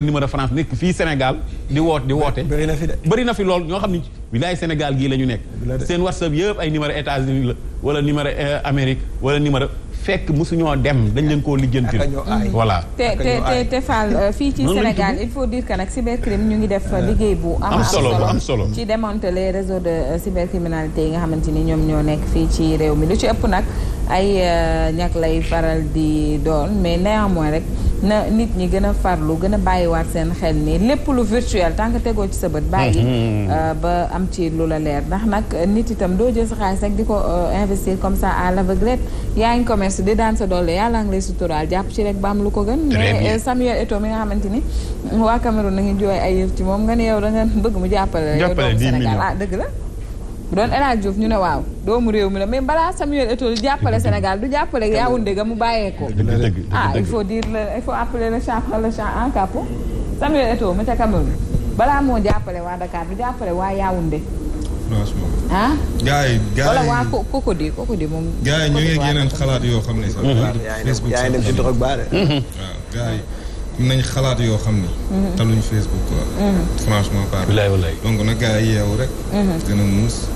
numéro France nekk fii Sénégal di woot di woote bëri na fi de na fi lool ñoo xam ni wilaay Sénégal gii la ñu nekk seen whatsapp yëpp ay numéro États-Unis la wala numéro euh, Amérique wala numéro fekk mosuñoo dem dañ leen koo lijjantil voilà te te te euh, fii ci Sénégal il faut dire que nag cybercrime ñu ngi def liggéey bu am solo am solo ci démonter les réseaux de euh, cybercriminalité yi nga xamante ni ñoom ñoo nekk fii ci réew mi lu ci ëpp nag ay ñàkk lay faral di doon mais néanmoins rek na nit ñi gën a far lu gën a bàyyiwaat seen xel ni lépp lu virtuel tant que tegoo ci sa bët. bàyyi euh, ba am ci lu la leer ndax nag nit itam doo jël sa xaalis rek di ko euh, investir comme ça à l'aveuglette yaa ngi commerce di daan sa doole yàlla ngi lay jàpp ci rek ba am lu ko gën. mais euh, Samuel Eto'o mi nga xamante ni waa Cameroun na ngi jooy ay yëf ci moom nga ne yow da nga bëgg mu jàppale. yow doomu Sénégal ah dëgg la. bu doon El Hadj Diouf ñu ne waaw doomu réew mi la mais balaa Samuel Eto'o jàppale Sénégal du jàppale Yaoundé ga mu bàyyee ko ah il faut dire le il faut appeler le chat par le chat en capot Samuel Eto'o mu ca Cameroun balaa moo jàppale waa Dakar du jàppale waa Yaoundé franchement. ah. gars yi gars yi wala waa Cocody Cocody moom. gars yi ñu ngi yeneen xalaat yoo xam ne sax. Mm-hmm. Facebook yaa ngi dem ci drogue baare. Mm-hmm. waaw gars yi nañ xalaat yoo xam ne. Mm-hmm. taluñ Facebook quoi. franchement parle. donc nag gars yi yeewu rek. gën a muus.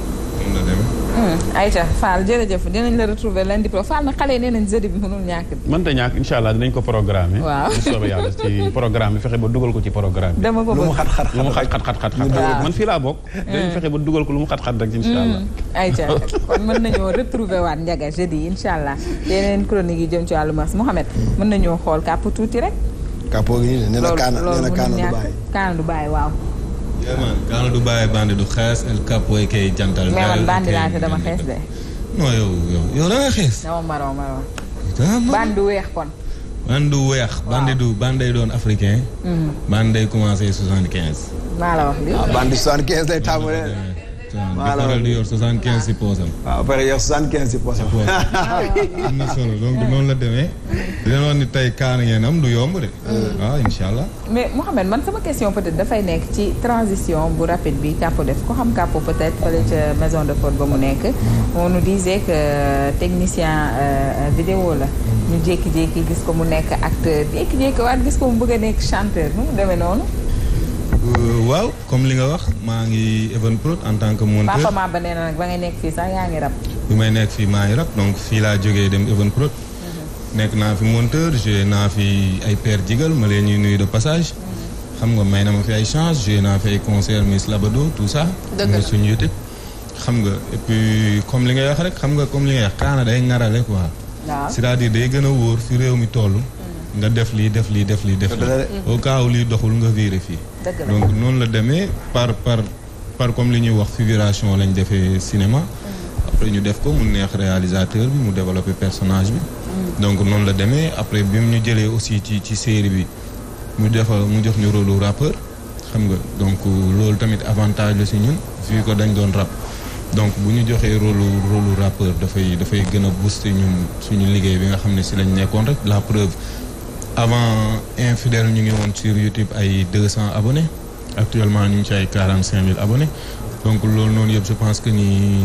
noonu la demee. Hmm, Aïcha Fall jërëjëf la retrouver lundi pro Fall na xale yi nee nañ jeudi bi mënul ñàkk. mënta ñàkk ko programme. waaw bu soobee yàlla ci programme fexe ba dugal ko ci programme bi. dama ko bëgg lu mu xat xat man fii laa bokk. Hmm. dinañ fexe ba dugal ko lu mu xat xat rek incha allah. Hmm. Aïcha kon mën waat Ndiaga jeudi incha allah yeneen chronique yi jëm ci wàllu mas Mouhamed mën nañoo xool kàpp tuuti rek. kàppoo gi nee na kaana nee na kaana du bàyyi. kaana du bàyyi waaw kaana du bàyyi bandi du xees el capo yi kay jantal. mais man bandi laa te dama xees de. yow yow yow da xees. bandi du weex kon. bandi du weex. bandi du bandi doon africain. Mm-hmm. bandi day commencé maa la wax lii. Ah, bandi soixante quinze lay tàmbalee. voilà di faral di yor soixante quinze si poosam. waaw ah, pare yor soixante quinze si poosam. am na solo donc noonu la demee. dina doon ni tey kaan e ngeen am du yomb de. Mm. waaw ah, incha allah. mais Mouhamed man sama question peut-être dafay nekk ci transition bu rapide bi Kàppo def ko xam Kàppo peut-être fële ca maison ba mu nekk. on mm. nous disait que euh, technicien euh, euh, vidéo la. Mm. ñu jékki-jékki gis ko mu nekk acteur jékki-jékki waat gis ko mu bëgg a nekk chanteur nu mu demee noonu. Euh, waaw comme li nga wax maa ngi Evenprod en tant que monteur. papa ba ngay nekk fii sax yaa ngi rab. bi may nekk fii maa ngi rab donc fii laa jógee dem Evenprod. Mhm. nekk naa fi monteur joué naa fi ay per jigal ma leen ñuy nuyu de passage. Mhm. xam nga may na ma fi ay chance joué naa fi ay concert Miss Labado tout ça. dëgg la suñu youtube xam nga et puis comme li ngay wax rek xam nga comme li ngay wax kaana day ngarale quoi. waaw cest à day gën a wóor fi réew mi toll. nga def lii def lii def lii def lii au cas où lii doxul nga fii donc noonu la demee par par par comme li ñuy wax figuration lañ defee sinema après ñu def ko mu neex réalisateur bi mu développé personnage bi mm. donc noonu la demee après bi mu ñu jëlee aussi ci ci série bi mu defa mu jox ñu rôlu rappeur xam nga donc loolu tamit avantage la si ñun fii ko dañ doon rap donc bu ñu joxee rôlu rôlu rappeur dafay dafay gën a booster ñun suñu liggéey bi nga xam ne si lañ nekkoon rek la preuve avant infidèle ñu ngi woon sur YouTube ay deux cent abonnés actuellement ñu ngi ci ay quarante cinq mille donc loolu noonu yëpp je pense que ni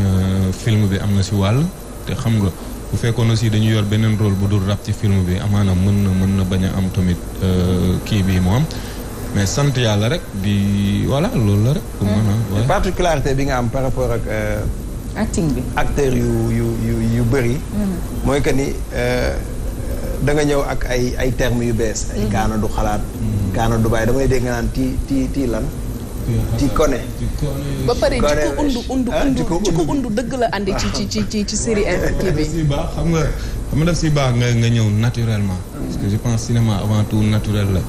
euh, film bi am na si wàll te xam nga bu fekkoon aussi dañu yor beneen rôle bu dul rap ci film bi amaana mën na mën na bañ a am tamit euh, kii bii mu am mais sant yàlla rek di voilà loolu la rek. Hmm. particularité bi nga am par rapport ak. Euh, acting acteur yu yu yu yu hmm. mooy que ni. da nga ñëw ak ay ay termes yu bees. ay mhm. kaana du xalaat. Mhm. kaana du bàyyi damay dégg naan ti ti ti lan. ti kone ba pare ah, jikko undu undu dëgg la andi ci ci ci ci ci série kii bi si baax xam nga xam nga def si baax nga nga ñëw naturellement parce que je pense cinéma avant tout naturel la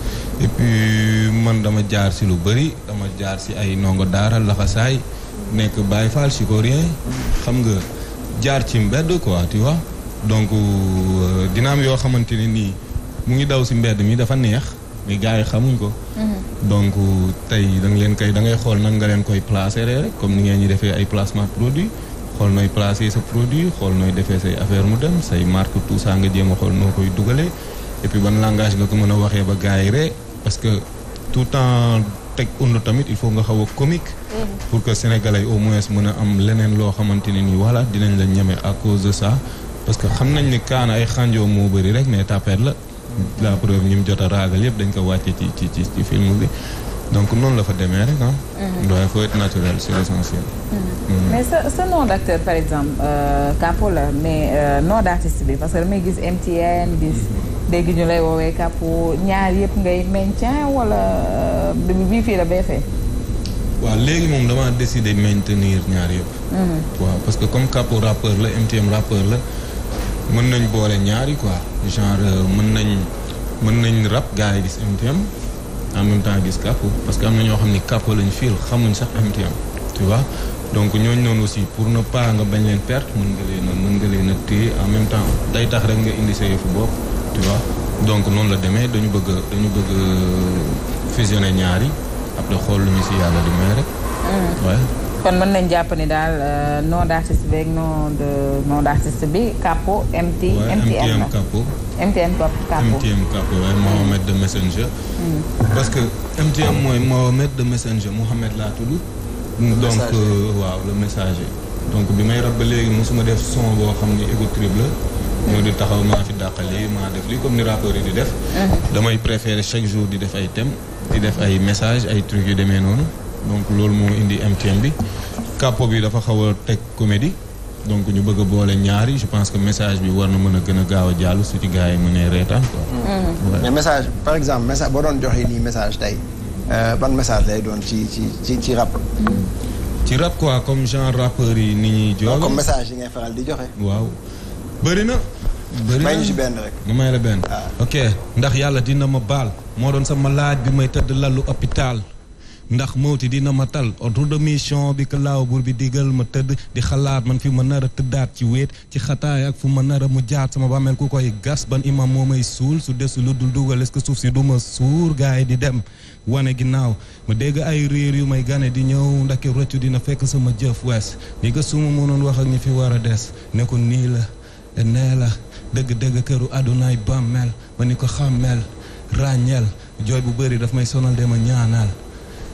man dama jaar si lu bëri dama jaar si ay ndongo daara laxasaay nekk Baye Fall chicorien xam nga jaar ci mbedd quoi tu vois donc euh, dina am yoo xamante ne nii mu ngi daw si mbedd mi dafa neex mais gars yi xamuñ ko. Mhm. donc tey da nga leen koy da xool nan nga leen koy placer rek comme ni ngeen ñi defee ay placement produit xool nooy placer sa produit xool nooy defee say affaire mu dem say marque tout ça nga jéem a xool noo koy dugalee et puis ban langage nga ko mën a waxee ba gars yi rek parce que tout temps teg und tamit il faut nga xaw a comique. Mhm. pour que sénégalais au moins mën a am leneen loo xamante ne nii voilà dinañ la ñeme à cause de parce que xam nañ ni kaana ay xànjoo moo bëri rek mais tapet la la preuve ñi mu jot a raagal yëpp dañ ko wàcce ci ci ci ci film bi donc noonu la fa demee rek ah. waaye mhm. faut mhm. Mhm. par exemple euh, Capo la mais euh, nom d'artiste bi parce que damay gis MTN gis dégg ñu lay woowee Capo ñaar yëpp ngay maintien wala euh, bii fii la bee fee. waaw léegi moom damaa décider maintenir ñaar yëpp. waaw parce que comme Capo rappeur la MTN rappeur la. mën nañ boole ñaari quoi genre euh, mën nañ mën nañ rap gars yi gis MTM en même temps gis Kapo parce que am na ñoo xam ni Kapo lañ fiil xamuñ sax MTM tu vois donc ñooñu noonu aussi pour ne pas nga bañ leen perte mën nga leen a nga leen a téye en même temps day tax rek nga indi sa yëfu bopp tu donc noonu la demee dañu bëgg dañu bëgg fusionner ñaari après xool lu ñu si yàlla di may rek. Mm. kon mën nañ jàpp ni daal euh, nom d'artiste beeg nom de nom d'artiste bi Capo MT. MTM Capo MTM Capo. MTM Capo waaye Mohamed de Messenger. Hmm. parce que MTM mooy Mohamed de Messenger Mohamed laa tudd. donc euh, waaw la message donc bi may rab ba su ma def son boo xam ni égo trip la. ñoo di taxaw maa fi dàqali maa def lii comme ni rappeurs yi di def. Hmm. damay préférer chaque jour di def ay thèmes. di def ay messages ay trucs yu demee noonu. donc loolu moo indi MTM bi kàppo bi dafa xaw a teg comédie donc ñu bëgg a boole ñaari yi je pense que message bi war na mën a gën a gaaw a jàll su ci gars yi mënee reetaan mm-hmm. message par exemple message boo doon joxe nii message tey euh, ban message lay doon ci ci ci ci rap. ci quoi comme genre rappeurs yi ni ñuy joxe. comme message yi ngay faral di joxe. waaw bëri na. bëri may benn rek. nga may la benn. Ah. ok ndax yàlla dina ma baal. moo doon sama laaj bi may tëdd lalu hôpital. ndax mawti dina ma tal ordre de mission bi ka laaw buur bi digal ma tëdd di xalaat man fi mën nar a tëddaat ci wéet ci xataay ak fu ma nar a mu jaat sama bàmmeel ku koy gas ban imam moo may suul su desu lu dul dugal est-ce que suuf si du ma suur gaay di dem wane ginnaaw ma dégg ay réer yu may gane di ñëw ndaki rëccu dina fekk sama jëf wees li nga suma mënoon wax ak ñi fi war a des ne ko nii la nee la dëgg-dëgg këru àddunaay bàmmeel ma ne ko xàmmeel ràññeel jooy bu bëri daf may sonal dema ñaanal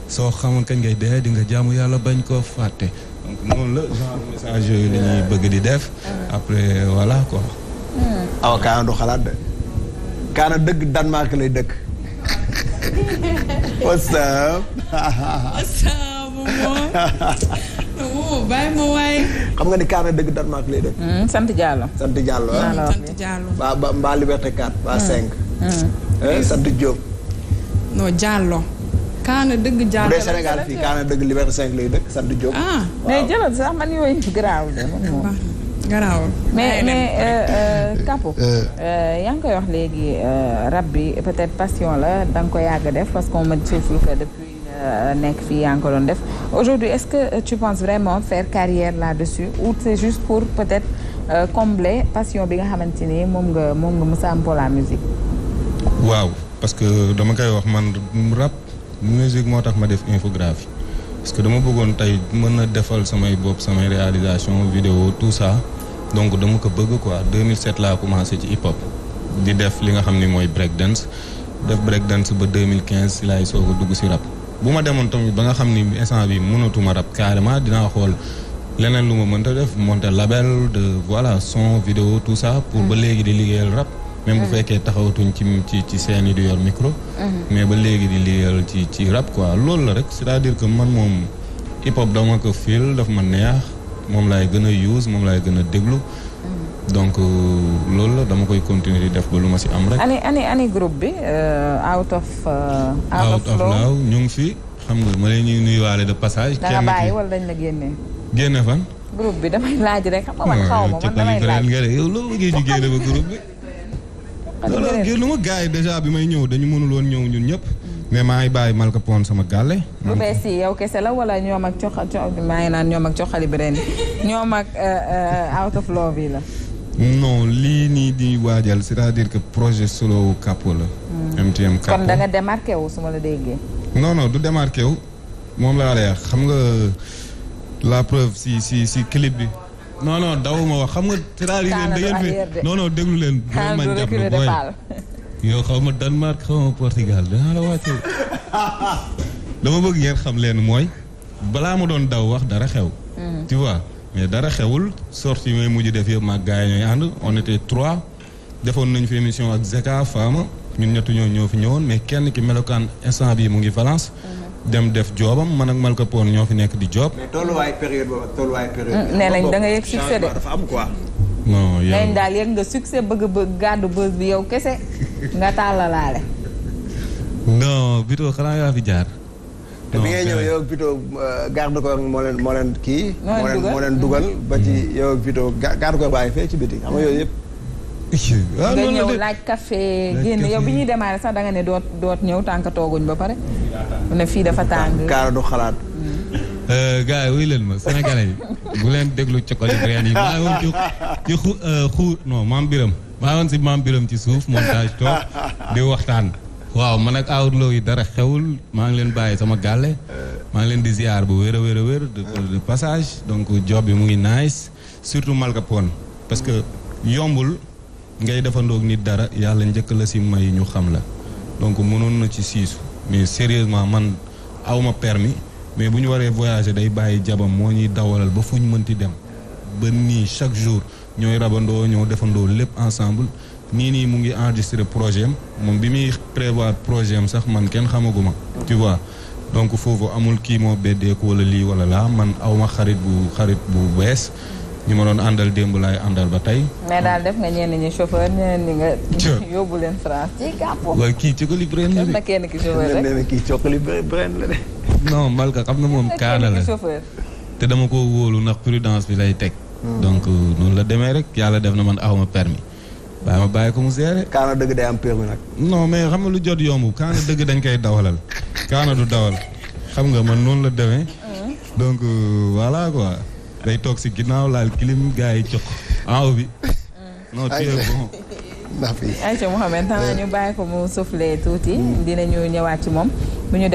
soo xamoon kañ ngay dee di jaamu yàlla bañ koo fàtte noonu la genre message yooyu la di def après voilà hmm. kaana dëgg Danemark lay dëkk. Oh, nga ni kaana dëgg Danemark hmm, sant Diallo. sant Diallo ah. Liberté 4 mbaa 5. sant Diop. non Diallo. kaana dëgg jaaxal bu dee Sénégal fii kaana dëgg Liberté 5 lay dëkk sant Diop. ah, ah mais jëlal sax man yooyu garaaw la man moom. garaawul mais mais euh, euh, Kapo euh. yaa ngi koy wax léegi rab bi peut-être passion la da nga ko yàgg def parce qu'on m'a dit que depuis nekk fii yaa ko doon def aujourd'hui est-ce que tu penses vraiment faire carrière là-dessus ou c'est juste pour peut-être combler passion bi nga xamante ni moom nga moom nga mësa am pour la musique waaw parce que dama koy wax man rap musique moo tax ma def infographie parce que dama bëggoon tey mën a defal samay bopp samay réalisation vidéo tout ça donc dama ko bëgg quoi 2007 laa commencé ci hip hop di def li nga xam ni mooy break dance def break dance ba 2015 si laay soo a dugg si rab bu ma demoon tamit ba nga xam ni instant bi mënatuma rap carrément dinaa xool leneen lu ma mënta def monter label de voilà son video tout ça pour ba léegi di liggéeyal rab même bu fekkee taxawatuñ ci ci ci seen yi di yor micro. Mhm. mais ba léegi di liggéeyal ci ci rap quoi loolu la rek ci à dire que man moom hip hop dama ko feel daf ma neex moom laay gën a use moom lay gën a déglu. Mhm. donc euh, loolu la dama koy continuer di def ba lu ma si am rek. ani ani bi euh, euh, out of. out of law ñu ngi fi xam nga ma leen ñuy nuyuwaale de passage. kenn da nga bàyyi wala dañ la génne. génne fan. groupe bi damay laaj rek xam nga man xaw ma man damay laaj yow loolu nga génne ba non génnuma gars yi déjà bi may ñëw dañu mënul woon ñëw ñun ñëpp mais maa ngi bàyyi Malka Pone sama gàlle bu bees yi yow kese la walla ñoom ak coxa maa ngi naan ñoom ak coxali bi ren ñoom ak euh, euh, out of love yi la non lii nii di waajal c'est-à-dire que projet solo Capo la MTM Capo kon da nga démarqué wu su la déggee non du démarqué wu moom laa lay xam nga la preuve si si si clip bi non non dawuma wax xam nga. c'est-à-dire da ngeen déglu leen. xaaral du reculer yow xaw ma Danemark xaw ma Portugal dinaa dama bëgg ngeen xam leen mooy balaa ma doon daw wax dara xew. Mm. tu vois mais dara xewul sortie yi may mujj def yëpp mag gars yi ñooy ànd on était trois defoon nañu fi émission ak Zeka Fama ñun ñett ñoo fi ñëwoon mais kenn ki melokaan instant bii mu ngi Valence. Mm. dem def joobam man ak Malka Pone ñoo fi nekk di joob. mais tolluwaay période boobu nee nañ da nga yëg succès de daal yëg nga succès bëgg bëgg gàddu bës yow kese nga tàllalaale. non Bito xanaa ñëw yow ak Bito euh, garde corps kii. moo leen moo ba ci mm-hmm. yow ak Bito garde ci biti xam yooyu yëpp. Ah, nga ñëw laaj café génn yow bi ñuy démarrer sax da nga ne doot doot ñëw tànk tooguñ ba pare. mu ne fii dafa tàng. kaara xalaat. Euh, gars yi wuy leen ma Sénégalais yi bu leen déglu cokali reen yi maa woon ci ci maam biram maa woon si maam biram ci suuf montage toog di waxtaan. waaw man ak awurloo yi dara xewul maa ngi leen bàyyi sama gàlle maa ngi leen di ziar bu wér a wér a wér de passage donc job bi mu ngi nice surtout malkapone parce que yombul ngay defandoog nit dara yàlla njëkk la si may ñu xam la donc mënoon na ci siisu mais sérieusement man awma permis mais bu ñu waree voyager day bàyyi jabam moo ñuy dawalal ba fu ñu mënti dem ba nii chaque jour ñooy rabandoo ñoo defandoo lépp ensemble nii nii mu ngi enregistré projet moom bi muy prévoir projet am sax man kenn xamaguma tu vois donc foofu amul kii moo beddeeku wala lii wala laa man awma xarit bu xarit bu bees ñi ma doon àndal démb laay àndal ba tey. mais daal def nga ñenn ñi chauffeur ñeneen ñi nga. yóbbu leen France ci kii cokali bren la de. na kenn ki Malka xam na moom kaana la te dama ko wóolu ndax prudence bi lay teg. Hmm. donc euh, noonu la demee rek yàlla def na man aw ma permis waaye ma bàyyi ko mu seere. kaana dëgg day am permis nag. mais xam nga lu jot yomb kaana dëgg dañ koy dawalal kaana du dawal xam nga man noonu la demee. Hmm. donc euh, voilà quoi. day toog si ginnaaw laal kilim gars yi cokk en haut bi. Mm. non tu es bon. Nafi Aïcha Mouhamed tànn euh. ñu bàyyi ko mu soufflé tuuti. dinañu ñëwaat ci moom bu ñu